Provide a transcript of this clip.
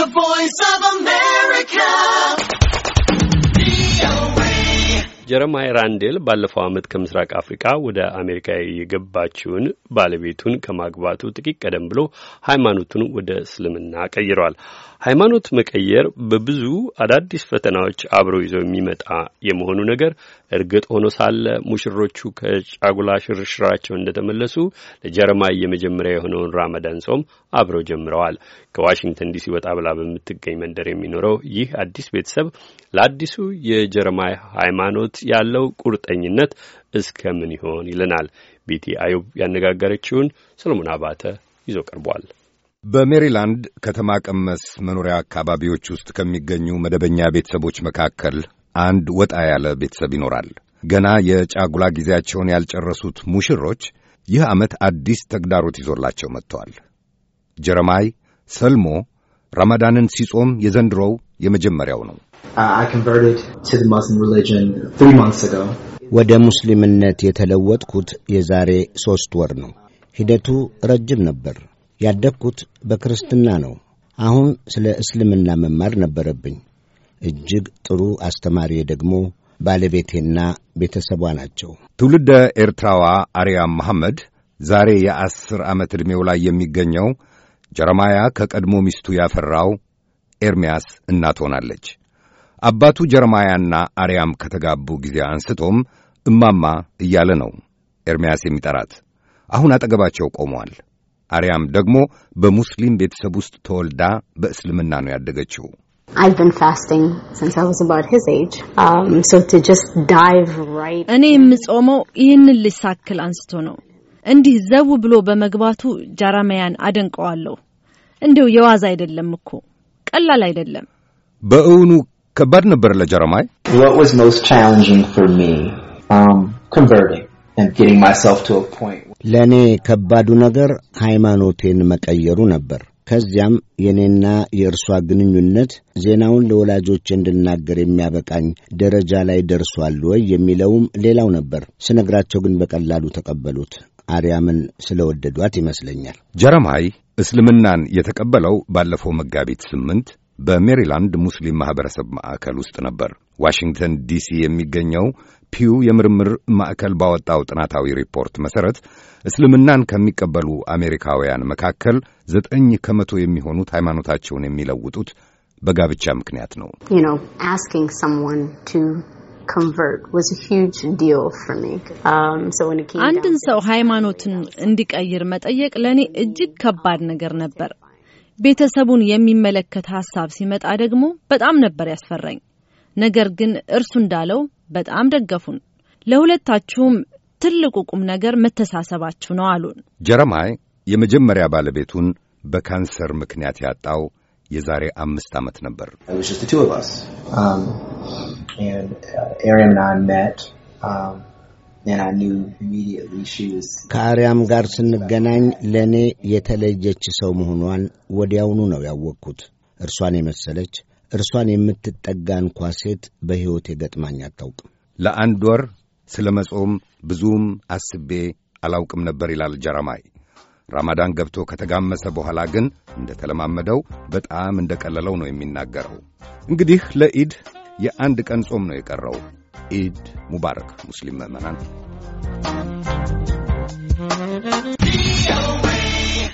The Voice of man. ጀረማይ ራንዴል ባለፈው ዓመት ከምስራቅ አፍሪካ ወደ አሜሪካ የገባችውን ባለቤቱን ከማግባቱ ጥቂት ቀደም ብሎ ሃይማኖቱን ወደ እስልምና ቀይረዋል። ሃይማኖት መቀየር በብዙ አዳዲስ ፈተናዎች አብረው ይዘው የሚመጣ የመሆኑ ነገር እርግጥ ሆኖ ሳለ ሙሽሮቹ ከጫጉላ ሽርሽራቸው እንደተመለሱ ለጀረማይ የመጀመሪያ የሆነውን ራመዳን ጾም አብረው ጀምረዋል። ከዋሽንግተን ዲሲ ወጣ ብላ በምትገኝ መንደር የሚኖረው ይህ አዲስ ቤተሰብ ለአዲሱ የጀረማይ ሃይማኖት ያለው ቁርጠኝነት እስከ ምን ይሆን ይለናል። ቤቲ አዩብ ያነጋገረችውን ሰሎሞን አባተ ይዞ ቀርቧል። በሜሪላንድ ከተማ ቀመስ መኖሪያ አካባቢዎች ውስጥ ከሚገኙ መደበኛ ቤተሰቦች መካከል አንድ ወጣ ያለ ቤተሰብ ይኖራል። ገና የጫጉላ ጊዜያቸውን ያልጨረሱት ሙሽሮች ይህ ዓመት አዲስ ተግዳሮት ይዞላቸው መጥተዋል። ጀረማይ ሰልሞ ረመዳንን ሲጾም የዘንድሮው የመጀመሪያው ነው። uh, ወደ ሙስሊምነት የተለወጥኩት የዛሬ ሦስት ወር ነው። ሂደቱ ረጅም ነበር። ያደግኩት በክርስትና ነው። አሁን ስለ እስልምና መማር ነበረብኝ። እጅግ ጥሩ አስተማሪ ደግሞ ባለቤቴና ቤተሰቧ ናቸው። ትውልደ ኤርትራዋ አርያም መሐመድ ዛሬ የዐሥር ዓመት ዕድሜው ላይ የሚገኘው ጀረማያ ከቀድሞ ሚስቱ ያፈራው ኤርምያስ እናት ሆናለች። አባቱ ጀርማያና አርያም ከተጋቡ ጊዜ አንስቶም እማማ እያለ ነው ኤርምያስ የሚጠራት። አሁን አጠገባቸው ቆመዋል አርያም ደግሞ በሙስሊም ቤተሰብ ውስጥ ተወልዳ በእስልምና ነው ያደገችው። um, እኔ የምጾመው ይህንን ልጅ ሳክል አንስቶ ነው። እንዲህ ዘው ብሎ በመግባቱ ጃራማያን አደንቀዋለሁ። እንዲሁ የዋዛ አይደለም እኮ ቀላል አይደለም። በእውኑ ከባድ ነበር ለጀረማይ። um, ለእኔ ከባዱ ነገር ሃይማኖቴን መቀየሩ ነበር። ከዚያም የእኔና የእርሷ ግንኙነት ዜናውን ለወላጆች እንድናገር የሚያበቃኝ ደረጃ ላይ ደርሷል ወይ የሚለውም ሌላው ነበር። ስነግራቸው ግን በቀላሉ ተቀበሉት። አርያምን ስለወደዷት ይመስለኛል። ጀረማይ እስልምናን የተቀበለው ባለፈው መጋቢት ስምንት በሜሪላንድ ሙስሊም ማኅበረሰብ ማዕከል ውስጥ ነበር። ዋሽንግተን ዲሲ የሚገኘው ፒው የምርምር ማዕከል ባወጣው ጥናታዊ ሪፖርት መሠረት እስልምናን ከሚቀበሉ አሜሪካውያን መካከል ዘጠኝ ከመቶ የሚሆኑት ሃይማኖታቸውን የሚለውጡት በጋብቻ ምክንያት ነው። አንድን ሰው ሃይማኖትን እንዲቀይር መጠየቅ ለእኔ እጅግ ከባድ ነገር ነበር። ቤተሰቡን የሚመለከት ሀሳብ ሲመጣ ደግሞ በጣም ነበር ያስፈራኝ። ነገር ግን እርሱ እንዳለው በጣም ደገፉን። ለሁለታችሁም ትልቁ ቁም ነገር መተሳሰባችሁ ነው አሉን። ጀረማይ የመጀመሪያ ባለቤቱን በካንሰር ምክንያት ያጣው የዛሬ አምስት ዓመት ነበር። and uh, Ariam and I met. Um, ከአርያም ጋር ስንገናኝ ለእኔ የተለየች ሰው መሆኗን ወዲያውኑ ነው ያወቅኩት። እርሷን የመሰለች እርሷን የምትጠጋ እንኳ ሴት በሕይወቴ ገጥማኝ አታውቅም። ለአንድ ወር ስለ መጾም ብዙም አስቤ አላውቅም ነበር ይላል ጀረማይ። ራማዳን ገብቶ ከተጋመሰ በኋላ ግን እንደተለማመደው በጣም እንደቀለለው ነው የሚናገረው። እንግዲህ ለኢድ የአንድ ቀን ጾም ነው የቀረው። ኢድ ሙባረክ ሙስሊም ምዕመናን